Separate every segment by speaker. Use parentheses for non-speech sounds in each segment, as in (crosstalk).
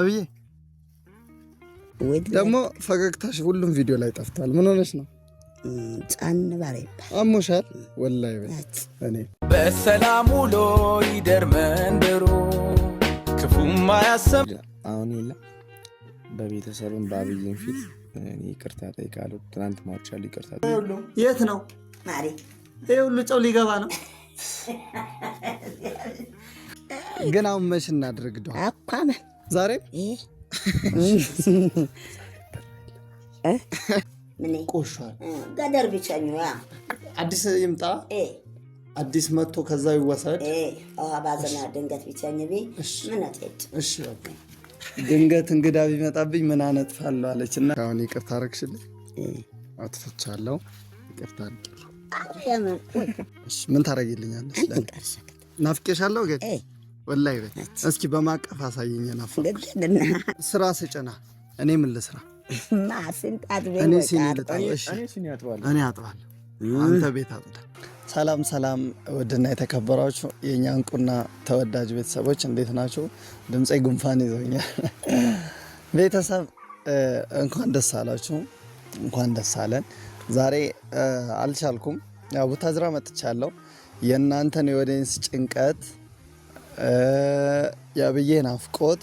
Speaker 1: አብዬ ደግሞ ፈገግታሽ ሁሉም ቪዲዮ ላይ ጠፍቷል። ምን ሆነሽ ነው?
Speaker 2: ጫን ባሬ
Speaker 1: አሞሻል። ወላሂ እኔ
Speaker 3: በሰላም ውሎ ይደር መንደሩ ክፉም አያሰብ።
Speaker 1: አሁን የለ በቤተሰብም በአብዬን ፊት ይቅርታ ጠይቃለሁ። ትናንት ማርቻል ይቅርታ።
Speaker 2: የት ነው ማሪ?
Speaker 1: ይህ ሁሉ ጨው ሊገባ ነው። ግን አሁን መች እናድርግ ደ ዛሬ
Speaker 2: ገደር ብቻኝ
Speaker 1: አዲስ ይምጣ አዲስ መጥቶ ከዛ ይወሰድ።
Speaker 2: ባዘና ድንገት ብቻኝ ቤ ምን
Speaker 1: ድንገት እንግዳ ቢመጣብኝ ምን አነጥፋለሁ አለች እና አሁን ይቅርታ አረግሽልኝ? አጥፍቻለሁ፣ ይቅርታ ምን ታረጊልኛለች? ናፍቄሻለሁ ግን ወላይ በይ እስኪ በማቀፍ አሳየኝ። ናፋ ስራ ስጭና እኔ ምን ልስራ? እኔ ሲኒ ልጣል፣ እኔ አጥባል፣ አንተ ቤት አጥዳ። ሰላም ሰላም፣ ውድና የተከበራችሁ የእኛ እንቁና ተወዳጅ ቤተሰቦች እንዴት ናችሁ? ድምፄ ጉንፋን ይዞኛል። ቤተሰብ እንኳን ደስ አላችሁ፣ እንኳን ደስ አለን። ዛሬ አልቻልኩም፣ ቡታጅራ መጥቻለሁ። የእናንተን የወደንስ ጭንቀት የአብዬ ናፍቆት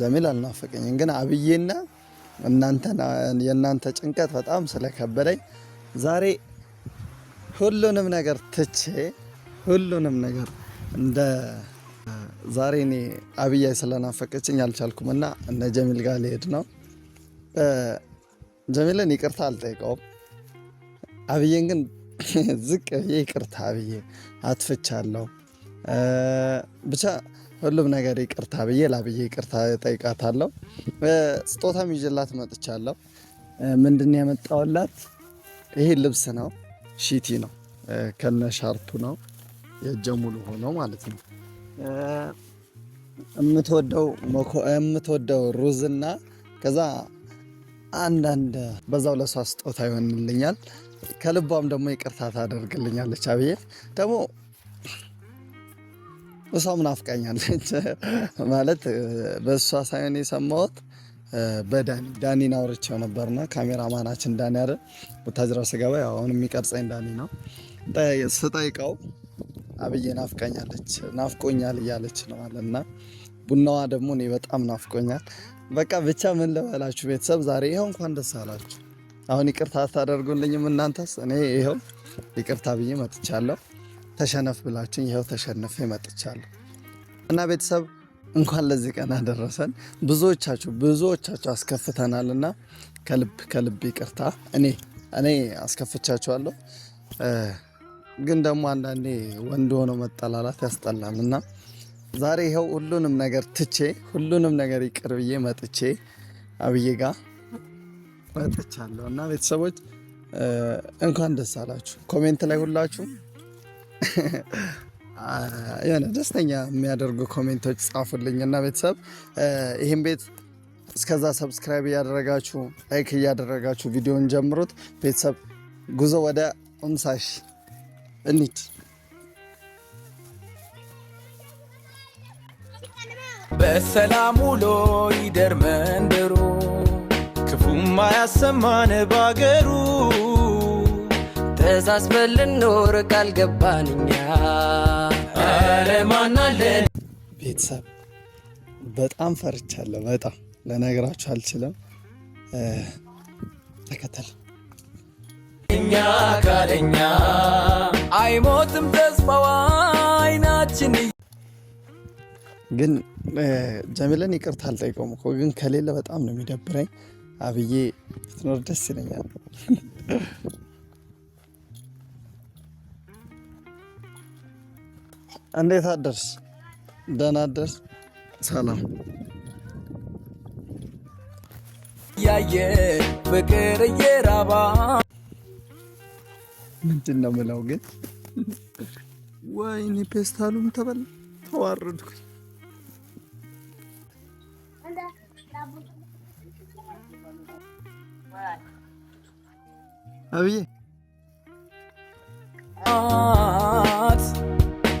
Speaker 1: ጀሚል አልናፈቀኝም። ግን አብዬና የእናንተ ጭንቀት በጣም ስለከበደኝ ዛሬ ሁሉንም ነገር ትቼ ሁሉንም ነገር እንደ ዛሬ እኔ አብያይ ስለናፈቀችኝ አልቻልኩም እና እነ ጀሚል ጋር ሊሄድ ነው። ጀሚልን ይቅርታ አልጠይቀውም። አብዬን ግን (laughs) ዝቅ ብዬ ይቅርታ አብዬ አትፍቻለሁ ብቻ ሁሉም ነገር ይቅርታ ብዬ ላብዬ ይቅርታ ጠይቃታለሁ። ስጦታም ይዤላት መጥቻለሁ። ምንድን ያመጣውላት ይሄ ልብስ ነው፣ ሺቲ ነው፣ ከነ ሻርቱ ነው የእጀ ሙሉ ሆኖ ማለት ነው። የምትወደው ሩዝና ከዛ አንዳንድ በዛው ለሷ ስጦታ ይሆንልኛል። ከልቧም ደግሞ ይቅርታ ታደርግልኛለች። አብዬ ደግሞ እሷ ምናፍቃኛለች (laughs) ማለት በእሷ ሳይሆን የሰማሁት በዳኒ ዳኒን አውርቼው ነበርና ካሜራማናችን ዳኒ አይደል ቡታጅራ ስገባ አሁን የሚቀርጸኝ ዳኒ ነው። ስጠይቀው አብዬ ናፍቃኛለች ናፍቆኛል እያለች ነው አለና ቡናዋ ደግሞ እኔ በጣም ናፍቆኛል። በቃ ብቻ ምን ልበላችሁ ቤተሰብ ዛሬ ይኸው እንኳን ደስ አላችሁ። አሁን ይቅርታ ታደርጉልኝም እናንተስ? እኔ ይኸው ይቅርታ ብዬ መጥቻለሁ። ተሸነፍ ብላችሁ ይኸው ተሸንፌ መጥቻለሁ እና ቤተሰብ እንኳን ለዚህ ቀን አደረሰን። ብዙዎቻችሁ ብዙዎቻችሁ አስከፍተናልና ከልብ ከልብ ይቅርታ። እኔ እኔ አስከፍቻችኋለሁ፣ ግን ደግሞ አንዳንዴ ወንድ ሆኖ መጠላላት ያስጠላል እና ዛሬ ይኸው ሁሉንም ነገር ትቼ ሁሉንም ነገር ይቅር ብዬ መጥቼ አብዬ ጋ መጥቻለሁ እና ቤተሰቦች እንኳን ደስ አላችሁ። ኮሜንት ላይ ሁላችሁ (laughs) የሆነ ደስተኛ የሚያደርጉ ኮሜንቶች ጻፉልኝ እና ቤተሰብ ይህም ቤት እስከዛ ሰብስክራይብ እያደረጋችሁ ላይክ እያደረጋችሁ ቪዲዮን ጀምሩት። ቤተሰብ ጉዞ ወደ ኡምሳሽ እኒት
Speaker 3: በሰላም ውሎ ይደር መንደሩ ክፉም አያሰማን ባገሩ ተዛዝበን ልንኖር ቃል ገባን እኛ። ኧረ ማናለን
Speaker 1: ቤተሰብ በጣም ፈርቻለሁ። በጣም ለነገራችሁ አልችልም። ተከተል
Speaker 3: እኛ ካለኛ አይሞትም ተስፋዋ አይናችን
Speaker 1: ግን ጀሚለን ይቅርታ አልጠይቀውም እኮ ግን ከሌለ በጣም ነው የሚደብረኝ። አብዬ ትኖር ደስ ይለኛል። እንዴት አደርስ? ደህና አደርስ። ሰላም
Speaker 3: ያየ ፍቅር እየራባ
Speaker 1: ምንድን ነው ግን ወይኔ ፔስታሉም ተበላ። ተዋረድኩኝ። አብዬ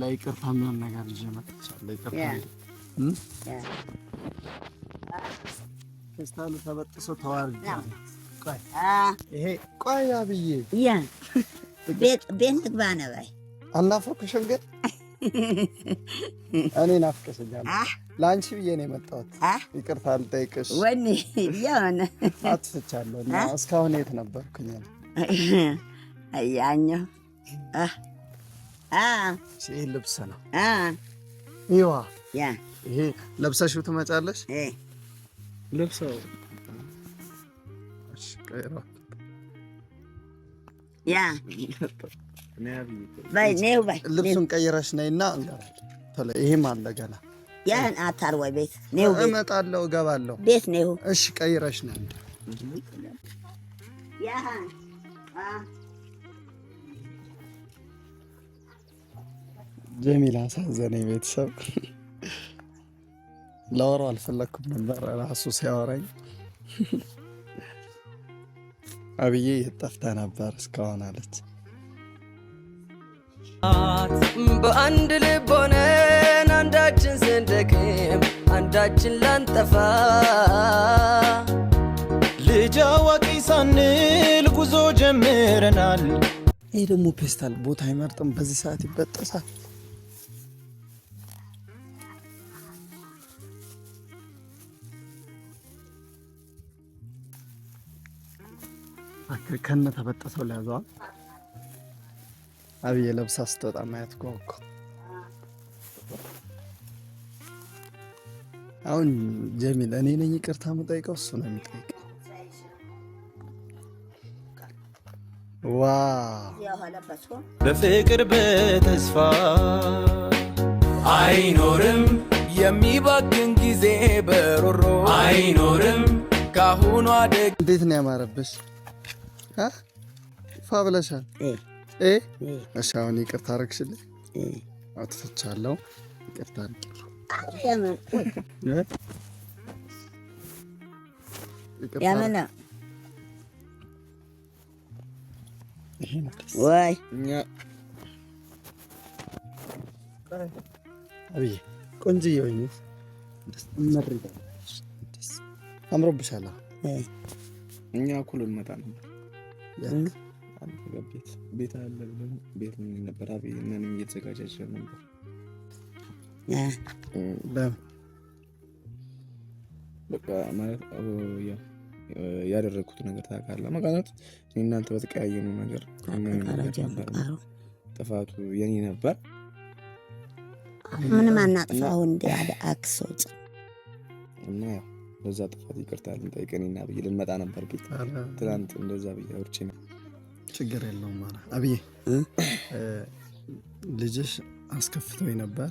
Speaker 1: ለይቅርታ የሚሆን ነገር ልጅ መጥቻለሁ። ይቅርታ ክስታሉ ተበጥሶ ተዋርጃ። ይሄ ቆያ ብዬ
Speaker 2: ቤት ግባ ነባይ
Speaker 1: አልናፈኩሽም ግን (laughs) እኔ ናፍቀሽኛል። ለአንቺ ብዬ ነው የመጣሁት። ይቅርታ ልጠይቅሽ
Speaker 2: ወኒ የሆነ
Speaker 1: (laughs) አጥፍቻለሁ። እና እስካሁን የት ነበርኩኝ?
Speaker 2: አያኘው ይህ
Speaker 1: ልብስ ነው። ይዋ ይሄ ለብሰሽው ትመጫለሽ። ልብሱን ቀይረሽ ነይና ይሄም አለ ገና
Speaker 2: ያን አታር ወይ ቤት ነው
Speaker 1: እመጣለሁ፣ እገባለሁ። ቤት ነው። እሺ ቀይረሽ ነው ያ ጀሚል አሳዘነኝ። ቤተሰብ ለወሮ አልፈለግኩም ነበር። ራሱ ሲያወራኝ አብዬ የጠፍታ ነበር እስካሁን አለች።
Speaker 3: በአንድ ልብ ሆነን አንዳችን ስንደክም አንዳችን ላንጠፋ ልጅ አዋቂ ሳንል ጉዞ ጀምረናል።
Speaker 1: ይህ ደግሞ ፔስታል ቦታ አይመርጥም። በዚህ ሰዓት ይበጠሳል። ከነ ተበጠሰው ለያዘዋል አብየ ለብሳ ስትወጣ ማየት ጓጓ። አሁን ጀሚል እኔ ነኝ ይቅርታ የምጠይቀው እሱ ነው የሚጠይቀው። ዋ
Speaker 3: በፍቅር በተስፋ አይኖርም የሚባክን ጊዜ በሮሮ አይኖርም ካሁኑ አደግ
Speaker 1: እንዴት ነው ያማረብሽ! ፋብለ ሻል እሻሁን ይቅርታ አረግሽልኝ አጥፍቻለሁ። ይቅርታ አብዬ ቆንጆዬ ሆኜ አምሮብሻል። እኛ እኩል እንመጣ ነበር ቤት አለ ብለን ቤት ነበር እየተዘጋጃጀ ነበር። በቃ ማለት ያደረግኩት ነገር ታውቃለህ፣ መቃናት እናንተ በተቀያየኑ ነገር ጥፋቱ የኔ ነበር።
Speaker 2: ምንም አናጥፋው እንደ አክሶጭ
Speaker 1: እና ያው በዛ ጥፋት ይቅርታ ልንጠይቀን ና ብዬ ልንመጣ ነበር ቤት ትናንት እንደዛ ብዬ አውርቼ ነው። ችግር የለውም ማ አብዬ፣ ልጅሽ አስከፍቶኝ ነበር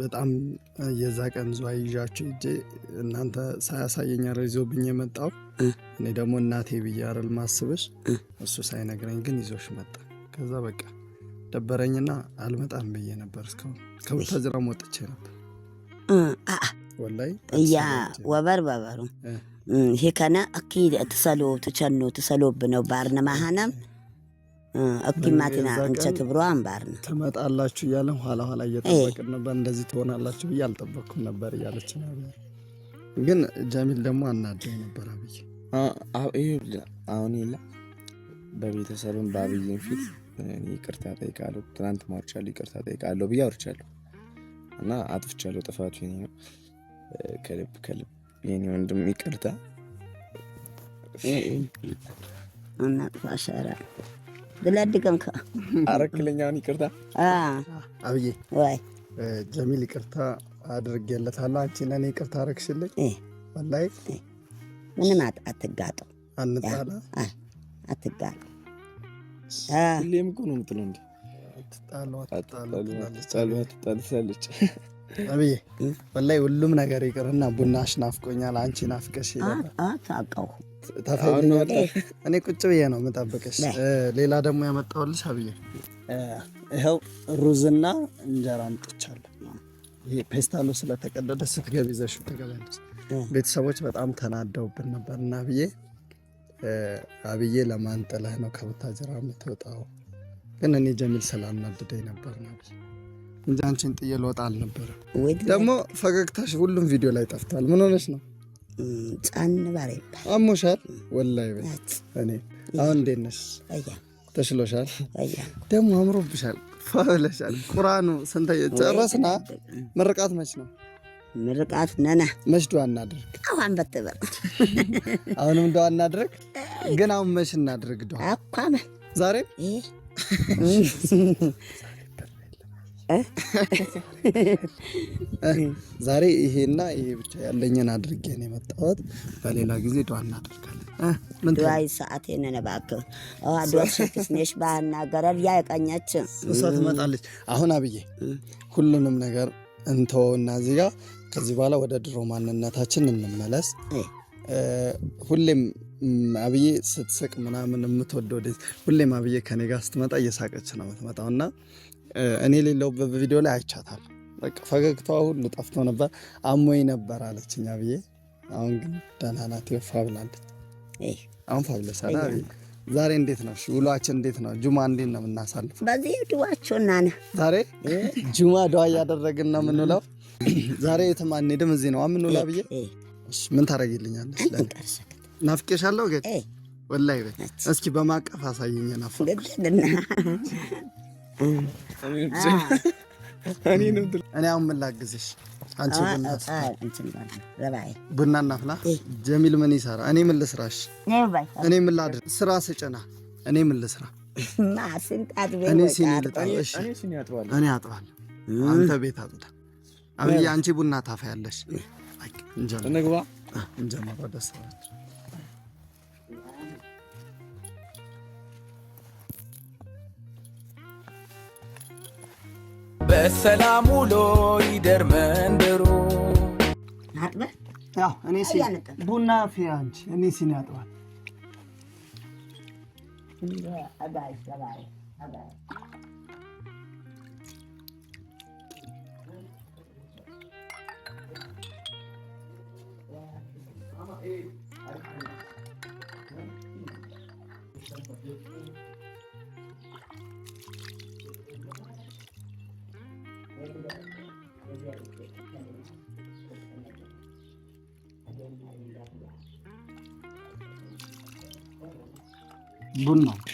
Speaker 1: በጣም የዛ ቀን ዙ ይዣቸው እጄ እናንተ ሳያሳየኝ ረ ይዞብኝ የመጣው እኔ ደግሞ እናቴ ብዬ አይደል ማስብሽ፣ እሱ ሳይነግረኝ ግን ይዞሽ መጣ። ከዛ በቃ ደበረኝና አልመጣም ብዬ ነበር። እስካሁን ከቡታጅራም ወጥቼ ነበር።
Speaker 2: ያ ወበር በበሩ ሄከነ እኪ ትሰሎ ትቸኖ ትሰሎብ ነው ባርነ ማሃነም እኪማቲና እንቸት ብሮ አንባር ነው
Speaker 1: ትመጣላችሁ እያለን ኋላ ኋላ እየጠበቅን ነበር። እንደዚህ ትሆናላችሁ ብዬ አልጠበቅኩም ነበር እያለች ግን ጀሚል ደግሞ አናደኝ ነበር። አብይ አሁን የለ በቤተሰብም በአብይን ፊት ይቅርታ ጠይቃለሁ፣ ትናንት ማርቻለሁ፣ ይቅርታ ጠይቃለሁ ብዬ አውርቻለሁ እና አጥፍቻለሁ። ጥፋቱ ነው ከልብ ከልብ የኔ ወንድም ይቅርታ
Speaker 2: እናቅፋሻራ ከ
Speaker 1: አረክለኛውን ይቅርታ አብዬ ወይ ጀሚል ይቅርታ አድርጌለታለሁ። አንቺ እኔ ይቅርታ አረግሽልኝ። ወላሂ
Speaker 2: ምንም አትጋጡ፣ አንጣላ አትጋጡ።
Speaker 1: ሁሌም እኮ ነው የምትለው አትጣሉ አትጣሉ አትጣሉ ትላለች። አብዬ ወላሂ ሁሉም ነገር ይቅርና ቡናሽ ናፍቆኛል። አንቺ ናፍቀሽ እኔ ቁጭ ብዬ ነው የምጠብቅሽ። ሌላ ደግሞ ያመጣሁልሽ አብዬ ይኸው ሩዝና እንጀራ አምጥቻለሁ። ይሄ ፔስታሎ ስለተቀደደ ስትገቢ ይዘሽ ትገቢያለሽ። ቤተሰቦች በጣም ተናደውብን ነበር እና አብዬ አብዬ ለማን ጥለህ ነው ከቡታጅራ የምትወጣው? ግን እኔ ጀሚል ስላናደደኝ ነበር ነው እንጂ አንቺን ጥዬ ልወጣ አልነበረም። ደግሞ ፈገግታሽ ሁሉም ቪዲዮ ላይ ጠፍቷል። ምን ሆነሽ ነው?
Speaker 2: ጫን ባሬ
Speaker 1: አሞሻል? ወላሂ እኔ አሁን እንዴት ነሽ? ተሽሎሻል? ደግሞ አምሮብሻል፣ ፋብለሻል። ቁራኑ ስንተኛ ጨረስና? ምርቃት መች ነው?
Speaker 2: ምርቃት ነና
Speaker 1: መሽዶ እናድርግ?
Speaker 2: አሁን በትበር (laughs)
Speaker 1: አሁንም እንደው እናድርግ። ግን አሁን መች እናድርግ? ደዋ አኳመ ዛሬ
Speaker 2: (laughs)
Speaker 1: ዛሬ ይሄና ይሄ ብቻ ያለኝን አድርጌ ነው የመጣሁት። በሌላ ጊዜ ዱዓ እናደርጋለን።
Speaker 2: ዱዓይ ሰዓት ነን እባክህ። አድዋሽ ክስኔሽ ባህና ገረድ ያይቀኛች
Speaker 1: እሷ ትመጣለች። አሁን አብዬ ሁሉንም ነገር እንተወና እዚህ ጋ ከዚህ በኋላ ወደ ድሮ ማንነታችን እንመለስ። ሁሌም አብዬ ስትስቅ ምናምን የምትወደው ሁሌም አብዬ ከኔ ጋር ስትመጣ እየሳቀች ነው የምትመጣው እና እኔ ሌለው በቪዲዮ ላይ አይቻታል። በቃ ፈገግታዋ ሁሉ ጠፍቶ ነበር። አሞኝ ነበር አለችኛ ብዬ አሁን ግን ደህና ናት። ይኸው ፋብላለች። አሁን ፋብለሳላ ዛሬ እንዴት ነው ውሏችን? እንዴት ነው ጁማ? እንዴት ነው የምናሳልፍ?
Speaker 2: በዚህ ድዋችሁ እናነ
Speaker 1: ዛሬ ጁማ ድዋ እያደረግን ነው የምንውለው። ዛሬ የትም አንሄድም፣ እዚህ ነው የምንውላ ብዬ ምን ታደርጊልኛለሽ? ናፍቄሻለሁ ግን ወላሂ በይ እስኪ በማቀፍ አሳየኝ ናፍ እኔ አሁን ምን ላግዝሽ? አንቺ ቡና እናፍላ። ጀሚል ምን ይሰራ? እኔ ምን ልስራሽ? እኔ ምን ላድር? ስራ ስጭና እኔ ምን ልስራ? እኔ ሲኒ ልጣል፣ እኔ አጥባል፣ አንተ ቤት አጥዳ። አብዬ አንቺ ቡና ታፋያለሽ። እንጀምር እንጀምር ወደ ስራችን
Speaker 3: በሰላም ውሎ ይደር መንደሩ።
Speaker 1: እኔ ቡና ፊራንች እኔ ሲን ያጥባል Thank you. ቡና ላይ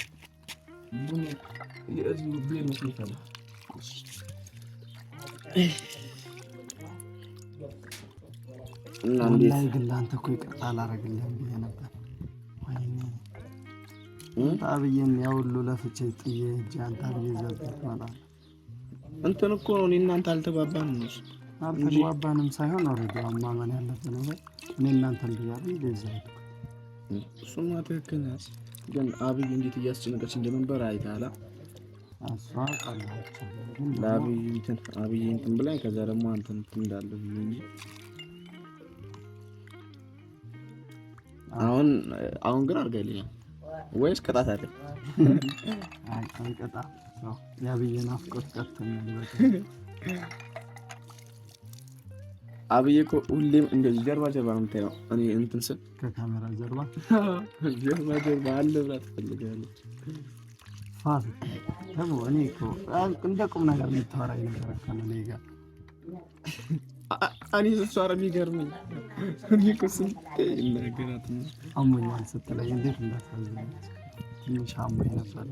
Speaker 1: ግን ለአንተ እኮ ይቅርታ አላደርግልህም ብዬ ነበር። አብዬም ያው ሁሉ ለፍቼ ጥዬ ሂጅ አንተ አብዬ ዘብት ትመጣለህ። እንትን እኮ ነው እኔ እናንተ አልተግባባንም ነው አልተግባባንም ሳይሆን ኦልሬዲ ማመን ያለብህ ነገር እኔ እናንተን ብያለሁ። እሱማ ትክክል ነህ። ግን አብይ እንዴት እያስጨነቀች እንደነበር አይታላ ለአብይ እንትን አብይ እንትን ብላኝ ከዛ ደግሞ አንተ እንትን እንዳለ እንጂ አሁን አሁን ግን አድርጋልኛል ወይስ ቅጣት አለ? ቅጣት የአብይ ናፍቆት ቀጥተኛ አብዬ እኮ ሁሌም እንደዚህ ጀርባ ጀርባ ነው የምታየው። እኔ እንትን ስል ከካሜራ ጀርባ ጀርባ ጀርባ አለ ብላ ትፈልጋለች። እኔ እኮ እንደ ቁም ነገር የምታወራኝ ነገር ከእኔ ጋር እኔ እሷ ኧረ የሚገርመኝ እኔ እኮ ስንት ነገራት አሞኛል ስትለኝ እንዴት እንዳሳዘነች ትንሽ አሞኝ ነበረ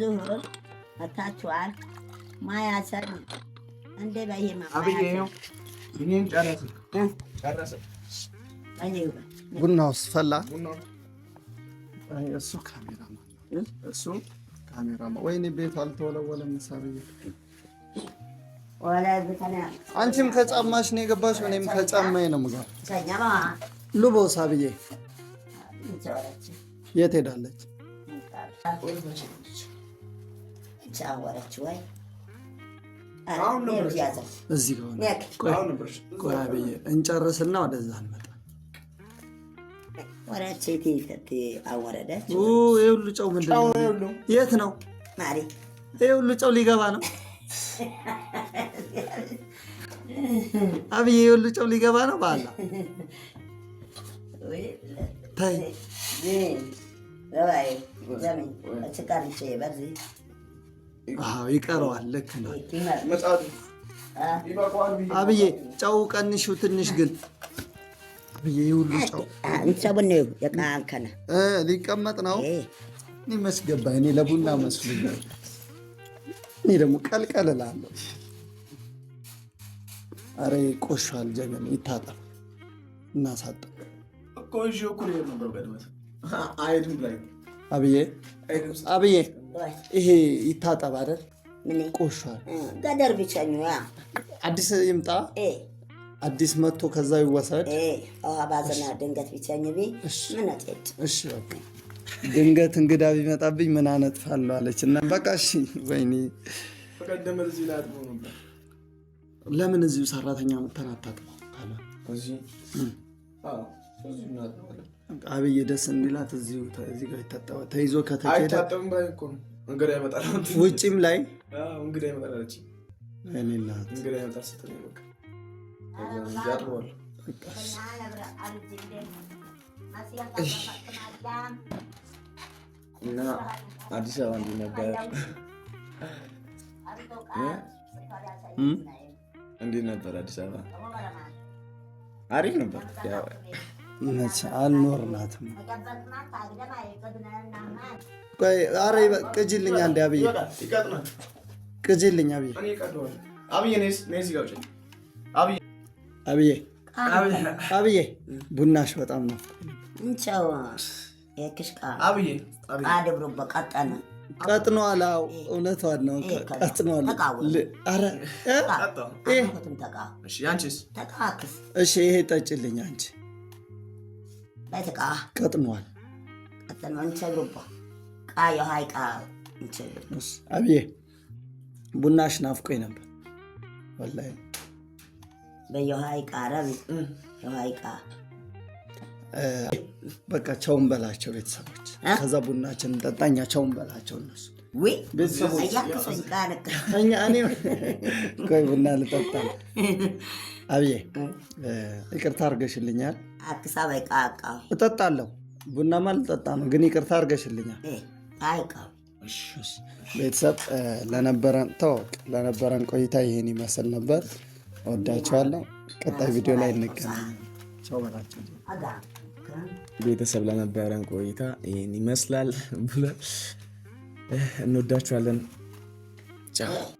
Speaker 2: ለዙሁር መታችኋል። ማያሰር እንዴ በይሄማ
Speaker 1: ፈላ። እሱ እሱ ወይኔ ቤቱ አልተወለወለም። አንቺም ከጫማሽ ነው የገባሽ፣ እኔም ከጫማዬ ነው ልቦ ሳብዬ የት ሄዳለች?
Speaker 2: ጫወረች ወይ
Speaker 1: እዚህ እንጨርስና ወደዛ እንመጣ።
Speaker 2: ይህ ሁሉ ጨው ምንድን
Speaker 1: የት ነው ይህ ሁሉ ጨው? ሊገባ ነው አብዬ፣ የሁሉ ጨው ሊገባ ነው። በኋላ ተይ ይቀረዋል። ልክ ነው አብዬ፣ ጨው ቀንሹ ትንሽ ግን አብዬ፣ ይሁሉ ጨው ሊቀመጥ ነው። እኔ መስገባ እኔ ለቡና መስሉኛል። እኔ ደግሞ ቀልቀል እላለሁ። አረ ቆሻል፣ ኩሬ አብዬ አብዬ ይሄ ይታጠብ አይደል? ቆሻል ገደር ብቻ አዲስ ይምጣ አዲስ መጥቶ ከዛ ይወሰድ።
Speaker 2: ባዘና ድንገት ብቻኝ ቢ
Speaker 1: ድንገት እንግዳ ቢመጣብኝ ምን አነጥፋለሁ አለች እና በቃ እሺ። ወይኔ ለምን እዚሁ ሰራተኛ ምተናታጥ አብይ ደስ እንዲላት እዚሁ እዚህ ጋር ይታጠባል። ተይዞ ከተኬደ ውጭም ላይ እና አዲስ አበባ እንዲህ ነበር እንዲህ ነበር። አዲስ አበባ አሪፍ ነበር። መቼ አልኖርናትም። አረ ቅጅልኝ፣ አብዬ ቅጅልኝ። አብዬ አብዬ ቡናሽ በጣም ነው ቀጥኗል። እውነቷን ነው። ቀጥኗል። ይሄ ጠጭልኝ አንቺ በትቃ ቀጥኗል አብዬ ቡናሽ ናፍቆኝ ነበር። ወላሂ በቃ ቸውን በላቸው ቤተሰቦች። ከዛ ቡናችን ጠጣኛ ቸውን በላቸው እነሱ ቤተሰቦች። ቡና ልጠጣ። (laughs) አብዬ ይቅርታ አድርገሽልኛል።
Speaker 2: አዲስ አበባ ይቃቃ
Speaker 1: እጠጣለሁ። ቡናማ ልጠጣ ነው፣ ግን ይቅርታ አድርገሽልኛል። ቤተሰብ ለነበረን ተወቅ ለነበረን ቆይታ ይህን ይመስል ነበር። ወዳቸዋለሁ። ቀጣይ ቪዲዮ ላይ እንገናኝ። ቤተሰብ ለነበረን ቆይታ ይህን ይመስላል ብለን እንወዳቸዋለን። ጫው